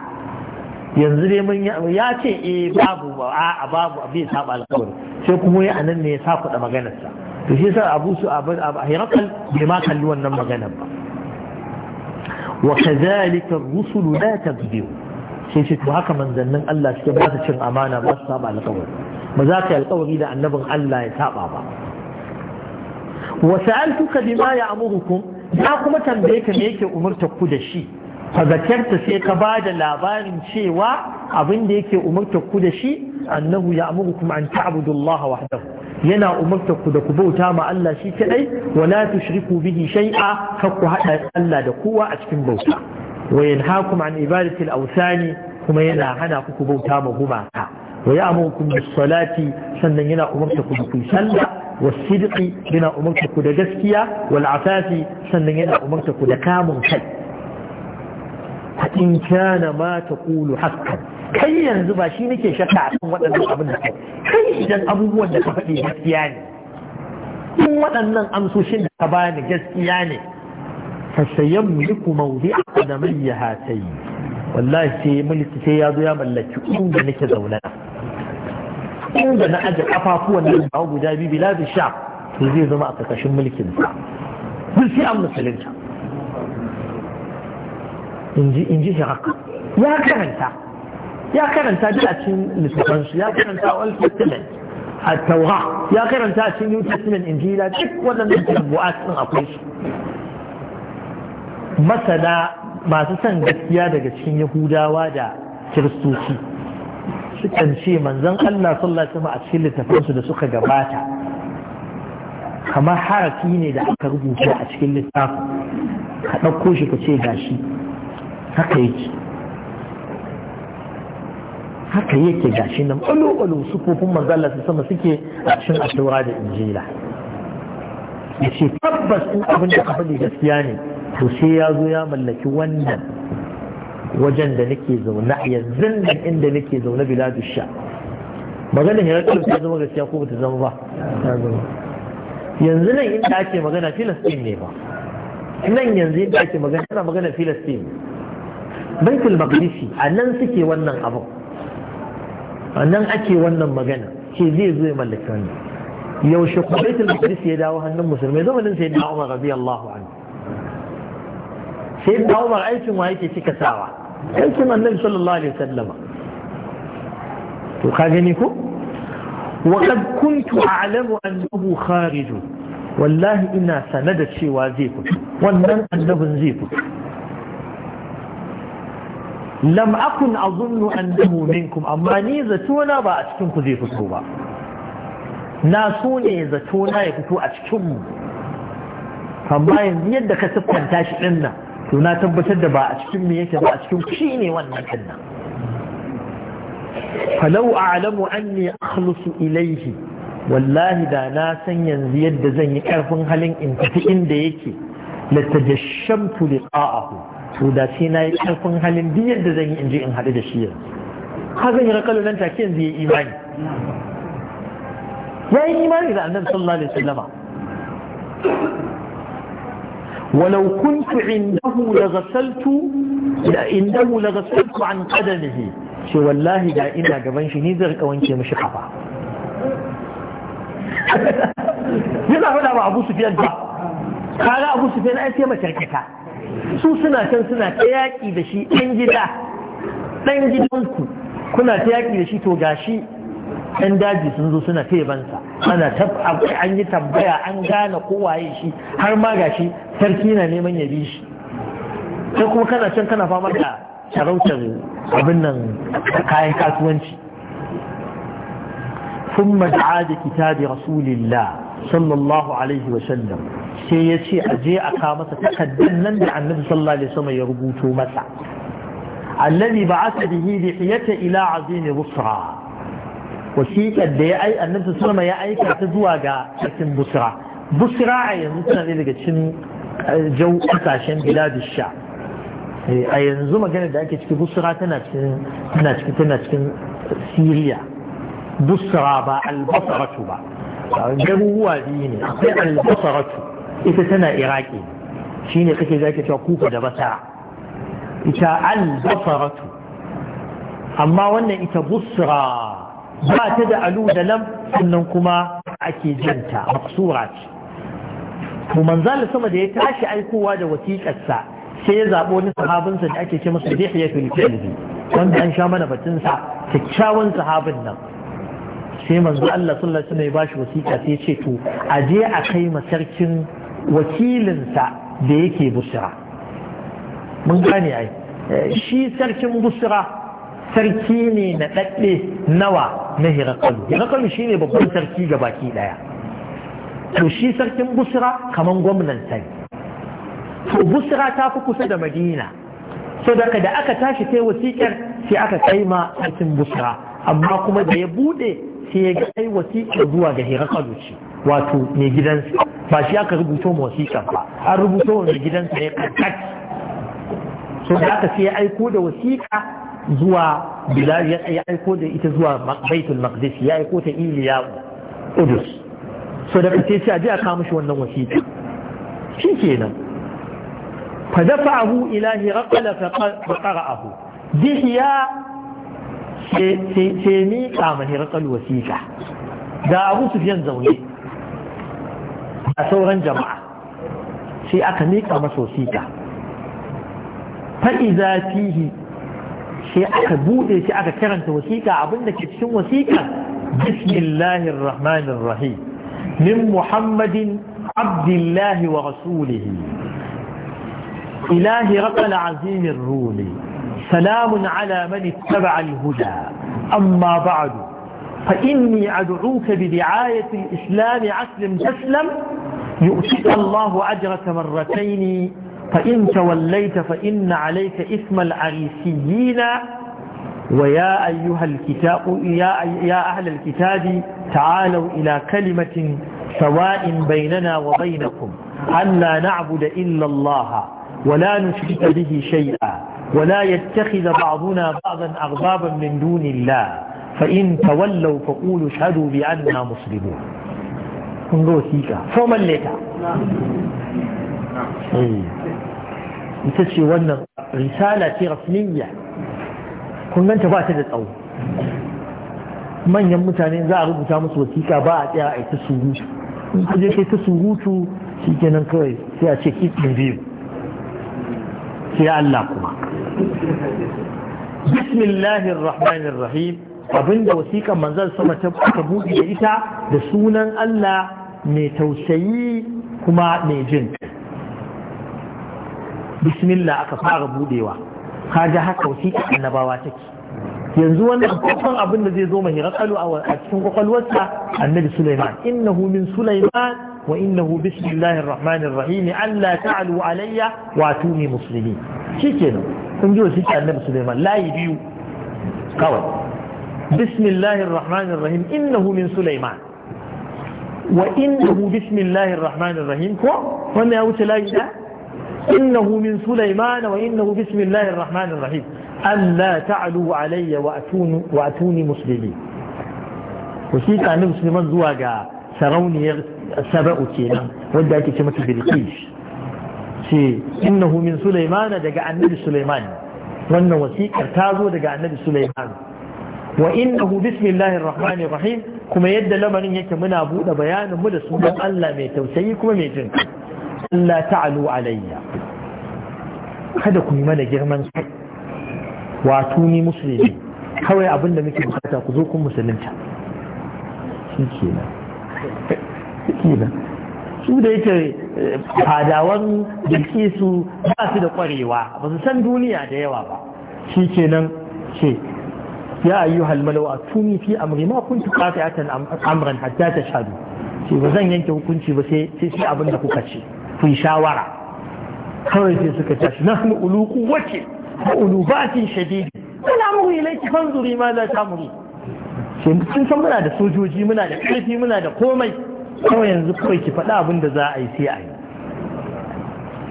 yanzu dai mun ya ce eh babu ba a babu abin saba alkawari sai kuma ya anan ne ya sa kuɗa maganarsa to shi yasa abu su a hirakal bai ma kalli wannan maganar ba wa kadhalika ar-rusulu sai ce to haka manzannin Allah suke ba su cin amana ba su saba alƙawari ba za ka yi alƙawari da annabin Allah ya saba ba wa sa'altuka bima ya'murukum na kuma tambaye ka me yake umurta ku da shi fazakarta sai ka ba da labarin cewa abin da yake umarta ku da shi annahu ya amuru kuma an ta'budu Allah wahdahu yana umarta ku da ku bauta ma Allah shi kadai wala tushriku bihi shay'a ka ku hada Allah da kowa a cikin bauta wa yanhaakum an ibadati al-awthani kuma yana hana ku ku bauta ma gumaka wa ya'murukum bis-salati sannan yana umarta ku da ku sallah والصدق yana umarta ku da gaskiya wal sannan yana umarta ku da kamun kai in kana ma ta kulu hakan kai yanzu ba shi nake shakka a kan waɗannan abin da kai idan abubuwan da ka faɗi gaskiya ne in waɗannan amsoshin da ka bani gaskiya ne fa a mawdi'a qadamayya hatayi wallahi sai mulki sai ya zo ya mallaki inda nake zaune inda na aje kafafuwan nan ba guda biyu bilad sha to zai zama a ƙarƙashin mulkin sa duk sai an musulunta in ji shi ya karanta ya karanta duk a cikin littafansu ya karanta a old a taura ya karanta a cikin in ji injila duk waɗannan tabbu'at ɗin akwai su masana masu son gaskiya daga cikin yahudawa da kiristoci sukan ce manzon Allah sallallahu alaihi a cikin littafansu da suka gabata kamar haraki ne da aka rubuta a cikin littafin ka ɗauko shi ka ce gashi haka yake haka yake gashi nan ɓalo-ɓalo sufofin manzala su sama suke a cikin asura da injila ya ce tabbas in abin da faɗi gaskiya ne to sai ya zo ya mallaki wannan wajen da nake zaune a yanzu nan inda nake zaune biladu sha magana ya rikon ta zama gaskiya ko ba ta zama ba yanzu nan inda ake magana filistin ne ba nan yanzu inda ake magana tana magana filistin. ne baitul maqdisi a nan suke wannan abu a nan ake wannan magana ke zai zo mallaki wannan yaushe ku baitul maqdisi ya dawo hannun musulmai zamanin sai da Umar radiyallahu anhu sai da Umar aikin wa yake cika sawa aikin Annabi sallallahu alaihi wasallama to ka gani ko وقد كنت أعلم أنه خارج والله إنا سند الشيء وزيكم وأنه أنه زيكم lam akun azunnu annahu minkum amma ni zatona ba a cikin ku zai fito ba na so ne zatona ya fito a cikin mu amma yanzu yadda ka siffanta shi din nan to na tabbatar da ba a cikin mu yake ba a cikin ku shine wannan din nan falau a'lamu anni akhlusu ilayhi wallahi da na san yanzu yadda zan yi karfin halin in tafi inda yake latajashamtu liqa'ahu to da sai na yi ƙarfin halin duk yadda zan yi in in haɗu da shi yanzu har zan yi rakalu nan take yanzu ya imani ya yi imani da annabi sallallahu alaihi wasallama ولو كنت عنده لغسلت عنده لغسلت عن قدمه wallahi ina gaban shi ni zai rika wanke mishi kafa yana faɗa wa abu sufiyan ba kaga abu sufiyan ai su suna can suna ta yaƙi da shi ɗan gida ɗan kuna ta yaƙi da shi to gashi ɗan daji sun zo suna ta yabansa ana an yi tambaya an gane waye shi har ma gashi sarki na neman ya bi shi sai kuma kana can kana fama da sarautar abin nan kayan kasuwanci ثم دعا بكتاب رسول الله صلى الله عليه وسلم sai ya ce a je a kawo masa takardar nan da annabi sallallahu alaihi wasallam ya rubuto masa allazi ba'atha bihi hiyata ila azimi busra wasiqar da ya ai annabi sallallahu alaihi ya aika ta zuwa ga cikin busra busra a yanzu tana daga cikin eh, jau kasashen biladish sha eh, a yanzu magana da ake ciki busra tana cikin tana cikin tana cikin siriya busra ba albasaratu ba garuruwa biyu ne akwai albasaratu ita tana iraki shine kake zaki cewa kuka da basara ita al-basaratu amma wannan ita busra ba ta da alu da lam sannan kuma ake janta maksura ce to manzal sama da ya tashi aikowa da wasiƙarsa sai ya zaɓo wani sahabinsa da ake ce masa Yahya bin Kalbi wanda an sha mana batun sa kyakkyawan sahabin nan sai manzo Allah sallallahu alaihi wasallam ya bashi wasiƙa sai ya ce to a je a kai ma sarkin wakilinsa da yake busira, mun gane ai shi sarkin busira sarki ne na ɗaɗɗe nawa na hirakalu hirakalu shi ne babban sarki ga baki ɗaya to shi sarkin busira kamar gwamnan sai to busira ta fi kusa da madina so daga da aka tashi kai wasikar sai aka kai ma sarkin busira, amma kuma da ya buɗe sai ya ga ai wasiƙa zuwa ga Herakadu ce wato mai gidansa ba shi aka rubuto ma wasiƙa ba an rubuto mai gidansa ya kankat so da aka sai ya aiko da wasiƙa zuwa bilal ya aiko da ita zuwa baitul maqdis ya aiko ta iliya udus so da sai sai a a kawo mishi wannan wasiƙa shi kenan fa dafa'ahu ila hiraqala fa qara'ahu dihiya sai miƙa mani raƙal wasiƙa da abu su sufiyan zaune a sauran jama'a sai aka miƙa masa wasiƙa fa'iza fihi sai aka buɗe sai aka karanta wasiƙa abinda ke cikin wasiƙa bismillahir rahmanir rahim min muhammadin abdullahi wa rasulihi ilahi raƙal azimin rumi سلام على من اتبع الهدى أما بعد فإني أدعوك بدعاية الإسلام عسلم تسلم يؤتيك الله أجرك مرتين فإن توليت فإن عليك إثم العريسيين ويا أيها الكتاب يا, يا أهل الكتاب تعالوا إلى كلمة سواء بيننا وبينكم أن لا نعبد إلا الله ولا نشرك به شيئا ولا يتخذ بعضنا بعضا أغبابا من دون الله فإن تولوا فقولوا اشهدوا بأننا مسلمون انظروا سيكا فوما الليتا تسي وانا رسالة رسمية kun ganta ba ta da tsawo manyan mutane za a rubuta musu wasiƙa ba a tsaya ta surutu in ka je kai ta surutu shi kenan kawai sai a ce kitsin biyu sai Allah kuma bismillahir rahmanir rahim abinda wasiƙar manzan sama ta buɗe da ita da sunan Allah mai tausayi kuma mai jin bismillah aka fara Ka kaga haka wasiƙa annabawa take yanzu wannan babban abin da zai zo mai rakalu a cikin kwakwalwarsa annabi Sulaiman innahu min Sulaiman wa innahu bismillahir rahmanir rahim Allah ta'alu alayya wa atuni muslimin shikenan sun ji wasu annabi Sulaiman layi biyu kawai bismillahir rahmanir rahim innahu min Sulaiman wa innahu bismillahir rahmanir rahim ko wannan ya wuce layi da innahu min Sulaiman wa innahu bismillahir rahmanir rahim an la ta'lu alayya wa atuni wa atuni muslimin wasiƙa annabi Sulaiman zuwa ga sarauniyar saba'u kenan wanda ake ce mata Bilqis ce innahu min sulaimana daga annabi sulaiman wannan wasikar ta zo daga annabi sulaiman wa innahu bismillahir rahmanir rahim kuma yadda lamarin yake muna bude bayanin mu da sunan Allah mai tausayi kuma mai jin Allah ta'alu alayya kada ku yi mana girman kai wato ni musulmi kawai abinda da muke bukata ku zo kun musulunta shi kenan shi kenan su da yake fadawan bilkisu ba su da kwarewa ba su san duniya da yawa ba shi ke nan ce ya ayyu halmalawa a tuni fi amri ma kun tuka ta yatan amran hatta ta shaɗu ce ba zan yanke hukunci ba sai shi abin da kuka ce kun shawara kawai sai suka tashi na hannu ulu kuwace ko ulu cin shadidi ana mu ilaiki fanzuri ma za ta muri sun san muna da sojoji muna da ƙarfi muna da komai kawai yanzu kawai ki faɗa abin da za a yi sai a yi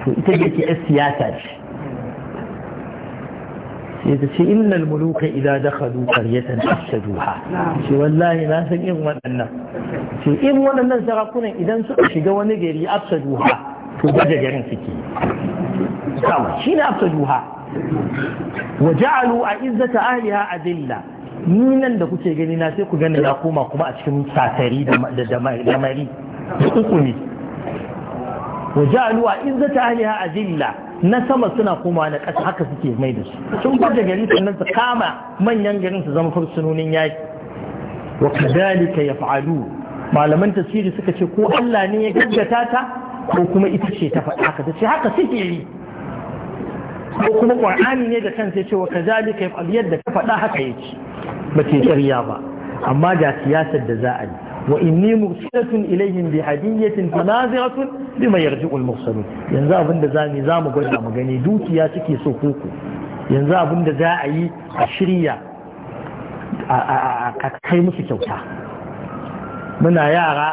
to ita yake yar siyasa ce sai ta ce innal muluka idza dakhalu qaryatan afsaduha ce wallahi na san irin waɗannan ce irin waɗannan sarakunan idan suka shiga wani gari afsaduha to daga garin suke kawai shine afsaduha wa ja'alu a'izzata ahliha adilla ni nan da kuke gani na sai ku gani na koma kuma a cikin satari da damari da uku ne wa ja'aluwa in zata ahliha azilla na sama suna koma na ƙasa haka suke mai da su sun fada garin sannan su kama manyan garin su zama fursunonin yaki wa kadhalika yaf'alu malaman tasiri suka ce ko Allah ne ya gaggata ta ko kuma ita ce ta faɗa haka ta ce haka suke yi ko kuma ƙurani ne da kansa ya ce wa kazalika yaf'al yadda ka faɗa haka yake ba ce ƙarya ba amma ga siyasar da za a yi wa inni mursalatun ilaihim bi hadiyatin fanaziratun bima yarji'ul mursalun yanzu abin da zamu zamu gwada mu gani dukiya suke so koko yanzu abin da za a yi a shirya a kai musu kyauta muna yara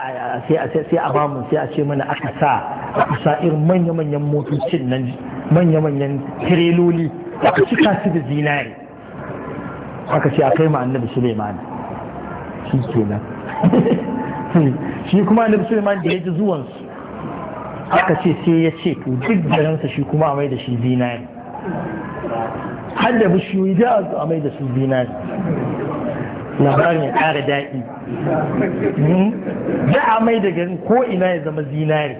sai a bamu sai a ce mana aka sa aka sa irin manya-manyan motocin nan manya-manyan tireloli aka cika su da zinari aka ce a kai ma annabi suleiman shi kenan shi kuma annabi suleiman da ya ji zuwansu aka ce sai ya ce to duk garinsa shi kuma a mai da shi zinari har da bishiyoyi da a mai da su zinari labarin ya ƙara daɗi da hmm? a mai da garin ko ina ya zama zinari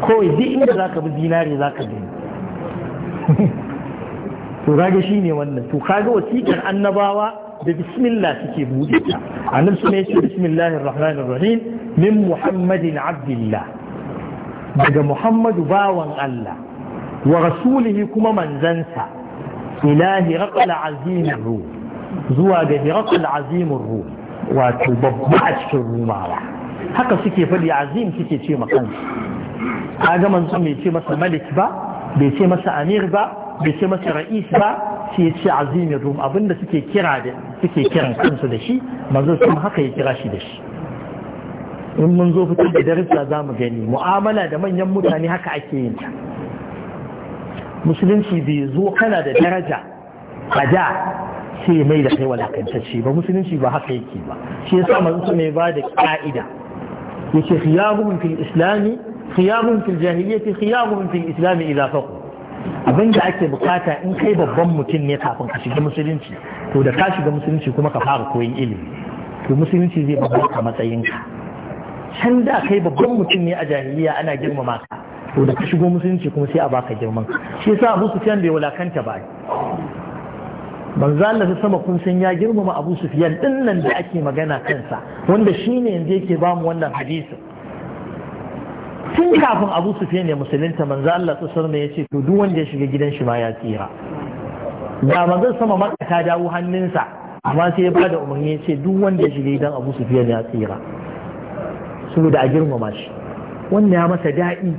kawai duk inda za ka bi zinari za ka gani to kaga shine wannan to kaga wasiƙar annabawa da bismillah suke buɗe ta annabi sun yace bismillahir rahmanir rahim min muhammadin abdillah daga muhammadu bawan Allah wa rasulihi kuma manzansa ilahi raqal azimur ruh zuwa ga raqal azimur ruh wato babba a cikin rumawa haka suke faɗi azim suke ce ma kansu kaga manzo bai ce masa malik ba bai ce masa amir ba bai ce masa ra'is ba sai ya ce azimin rum abinda suke kira da suke kiran kansu da shi manzo sun haka ya kira shi da shi in mun zo fitar da darussa za mu gani mu'amala da manyan mutane haka ake yin ta musulunci bai zo kana da daraja a da sai mai da kai walakantacce ba musulunci ba haka yake ba shi yasa manzo mai ba da ka'ida yace khiyaruhum fil islami khiyaruhum fil jahiliyyati khiyaruhum fil islami idza faqu abin da ake bukata in kai babban mutum ne kafin ka shiga musulunci to da ka shiga musulunci kuma ka fara koyon ilimi to musulunci zai bambanta matsayinka can da kai babban mutum ne a jahiliya ana girmama ka to da ka shigo musulunci kuma sai a baka girman shi yasa Abu Sufyan bai wulakanta ba manzo Allah sama kun san ya girmama Abu Sufyan din da ake magana kansa wanda shine yanzu yake bamu wannan hadisin tun kafin abu fiye ne musulunta manzo Allah su alaihi ya ce to duk wanda ya shiga gidan shi ma ya tsira da manzo sama maka ta dawo hannunsa amma sai ya bada umarni ya ce duk wanda ya shiga gidan abu sufiyan ya tsira saboda a girmama shi wannan ya masa daɗi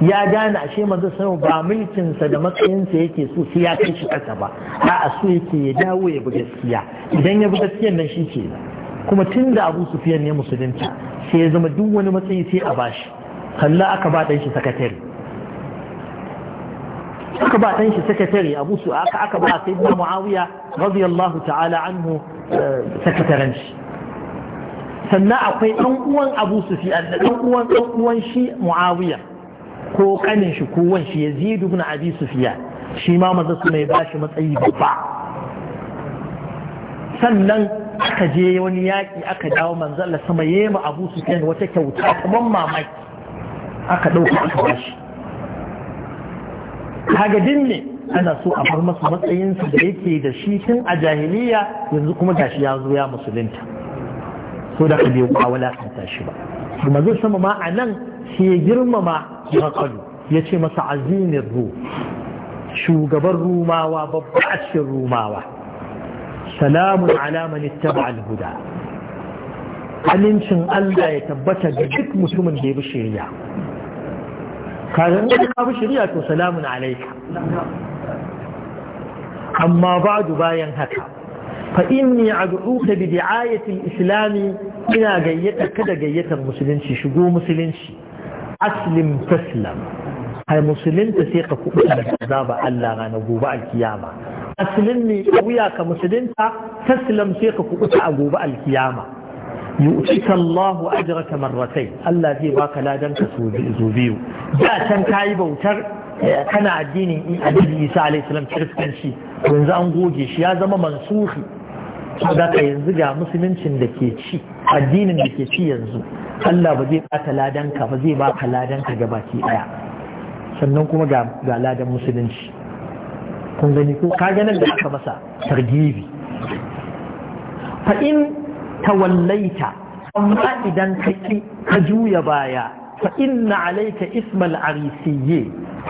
ya gane ashe manzo sama ba mulkinsa da matsayinsa yake so sai ya kai shi ƙasa ba a'a so yake ya dawo ya bi gaskiya idan ya bi gaskiyan nan shi ke kuma tun da abu sufiyan ne musulunta sai ya zama duk wani matsayi sai a bashi kalla aka ba ɗan shi sakatare aka ba ɗan shi sakatare abu su aka aka ba sai na muawiya radiyallahu ta'ala anhu eh, sakataren shi sannan akwai ɗan uwan abu sufiyan da ɗan uwan ɗan uwan shi muawiya ko kanin shi ko wan shi yazid ibn abi sufiyan shi ma maza su mai bashi matsayi babba sannan aka je wani yaƙi aka dawo Manzala sama yi ma Abu kai wata kyauta kuma mamaki aka ɗauka aka bashi kaga din ne ana so a bar masa matsayin da yake da shi tun a jahiliya yanzu kuma gashi ya zo ya musulunta so da ka biyu ba wulakanta shi ba kuma zai sama ma a nan sai ya girmama Yaqalu ya ce masa azinin ru, shugaban rumawa babba a cikin rumawa salamun ala man alhuda, al amincin Allah ya tabbata da duk mutumin da ya bi shari'a kazan da ka bi shari'a to salamun alaika amma ba'du bayan haka fa inni ad'uka bi di'ayati al-islam ina gayyata da gayyatar musulunci shigo musulunci aslim taslam ai musulunta sai ka kuɓuta da azaba Allah ranar gobe alkiyama asilin ka wuya ka musulunta taslam sai ka kubuta a gobe alkiyama yu'tika Allahu ajraka marratayn Allah zai baka ladan ka so biyu da can kayi bautar eh, kana addinin Annabi Isa alayhi salam kiristanci yanzu an goge shi ya zama mansuhi da ka yanzu ga musuluncin da ke ci addinin da ke ci yanzu Allah ba zai baka ladan ka ba zai baka ladan ka gabaki daya sannan kuma ga ladan musulunci kun gani ko kaga nan da aka masa targibi fa in tawallaita amma idan ka ka juya baya fa inna alayka ismal arisiyye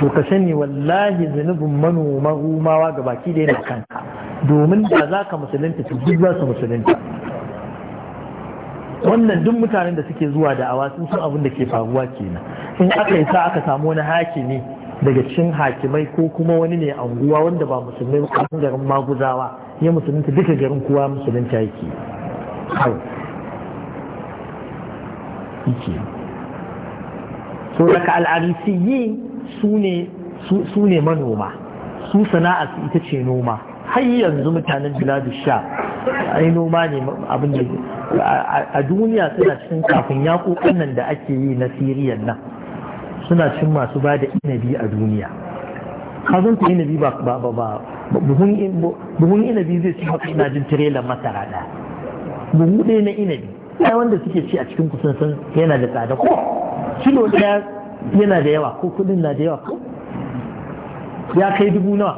to ka sani wallahi zunubin manoma rumawa ga baki da yana kanka domin da za ka musulunta to duk za su musulunta wannan duk mutanen da suke zuwa da'awa sun san abin da ke faruwa kenan in aka yi sa aka samu wani hakimi daga cikin hakimai ko kuma wani ne anguwa wanda ba musulmai ba garin maguzawa ya musulunta duka garin kowa musulunta yake yake so daga al'arisiyi su ne manoma su sana'a su ita ce noma har yanzu mutanen biladu sha ai noma ne abin da a duniya suna cikin kafin yakokan nan da ake yi na siriyan nan suna cin masu ba da inabi a duniya kazan ku inabi ba ba ba buhun inabi zai ci haka ina jin tirelan masara da buhu ɗaya na inabi ai wanda suke ci a cikin kusan san yana da tsada ko kilo ɗaya yana da yawa ko kudin na da yawa ko ya kai dubu nawa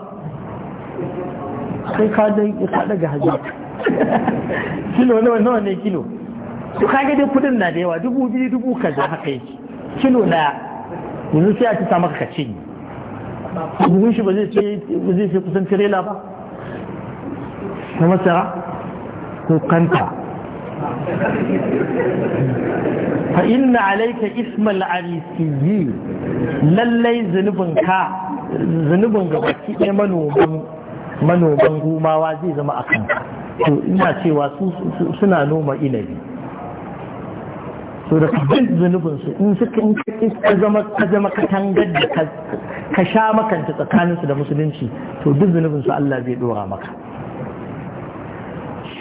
kai ka daga hajji kilo nawa nawa ne kilo to kage dai kudin na da yawa dubu biyu dubu kaza haka yake kilo na yanzu sai a ci maka ka ce buhun shi ba zai fi kusan tirela ba na masara ko kanta fa inna alaika ismal arisiyi lallai zunubin ka zunubin ga baki ɗaya manoman manoman gumawa zai zama a kanka to ina cewa suna noma inabi su da duk zunubinsu in suka in ka zama ka katangar da ka sha makanta tsakaninsu da musulunci to duk zunubinsu Allah zai dora maka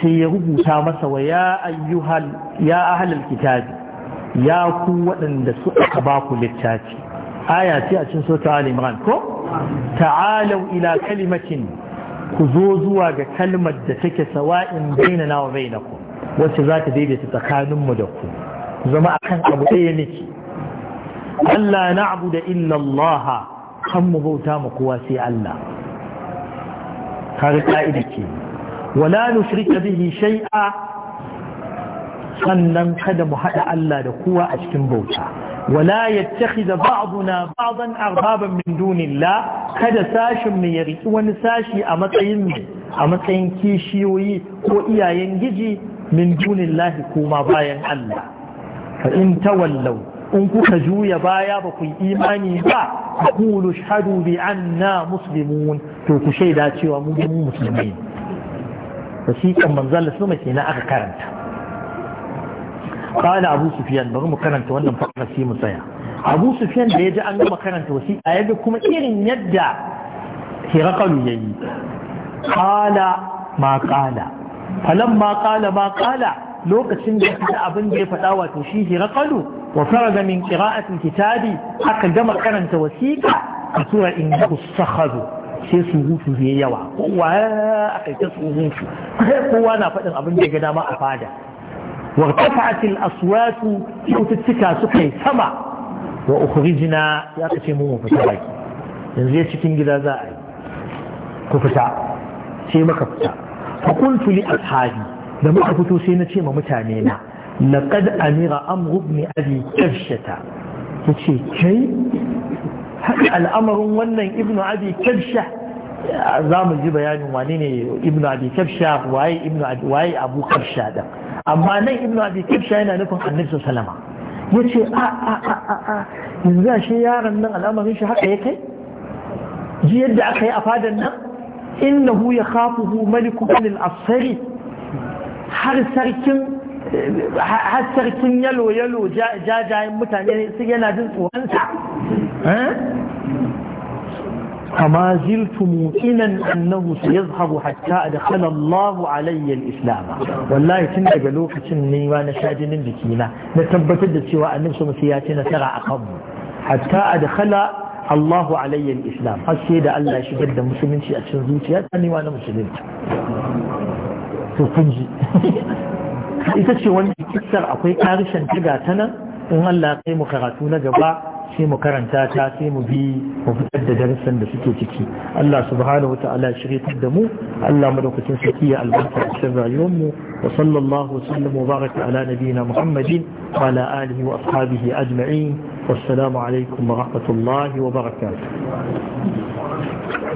sai ya rubuta masa wa ya ayyuhal ya ahlal kitabi ya ku waɗanda su aka ba ku littafi aya ce a cin sota al-imran ko ila kalimatin ku zo zuwa ga kalmar da take sawa'in bainana wa bainakum wacce za ta daidaita tsakaninmu da ku zama akan abu ɗaya nake Allah na abu da illallah kan mu bauta mu kowa sai Allah kare ka'ida ke wala nushrika bihi shay'a sannan kada mu haɗa Allah da kowa a cikin bauta wala yattakhidha ba'duna ba'dan arbaban min dunillah kada sashin mu ya wani sashi a matsayin a matsayin kishiyoyi ko iyayen giji min dunillahi kuma bayan Allah fa in tawallaw in kuka juya baya baku yi imani ba aqulu shahadu bi anna muslimun to ku shaida cewa mu musulmai wasiƙan aka karanta قال أبو سفيان بغم كرنت وأنا مفقر في مسايا أبو سفيان ده يجي أن مكرنت وسي أيبي كما يدع هرقل يي قال ما قال فلما قال ما قال lokacin da ya abin da ya faɗa wato shi hirakalu wa faraga min qira'atin kitabi aka gama karanta wasiƙa a sura innahu sakhadu sai su hutu zai yawa kowa aka ta su hutu kowa na faɗin abin da ya ga dama a fada wa tafatil aswatu kututtuka suka yi sama wa ukhrijna ya kace mu fita baki yanzu ya cikin gida za a yi ku fita sai maka fita fa qultu li ashabi da muka fito sai na ce ma mutane na laqad amira amru ibn abi kafshata yace kai haka al'amarin wannan ibn abi kabsha za mu ji bayanin wane ne ibn abi kafsha waye ibn waye abu kafsha da amma nan ibn abi kabsha yana nufin annabi sallama yace a a a a yanzu shi yaron nan al'amarin shi haka ya kai ji yadda aka yi a fadan nan innahu yakhafuhu maliku al-asfari har sarkin sarkin yalo yalo jajayen mutane su yana jin tsoronsa eh? amma ziltu mu'inan annahu su yazhabu hatta adkhala Allah alayya al-islam wallahi tun daga lokacin ne wa na shajinin jikina na tabbatar da cewa annabi sun sai ya ci nasara a kanmu hatta adkhala Allah alayya al-islam har sai da Allah ya shigar da musulunci a cikin zuciya ta ne wa na musulunci to kun ji ita ce wani kissar akwai karishen tiga ta nan in Allah kai mu karatu na gaba sai mu karanta ta sai mu bi mu fitar da darasin da suke ciki Allah subhanahu wa ya shirye da mu Allah madaukakin sarki ya albarka a cikin rayuwar mu wa sallallahu sallam wa baraka ala nabiyina Muhammadin wa ala alihi wa ashabihi ajma'in wassalamu alaikum wa rahmatullahi wa barakatuh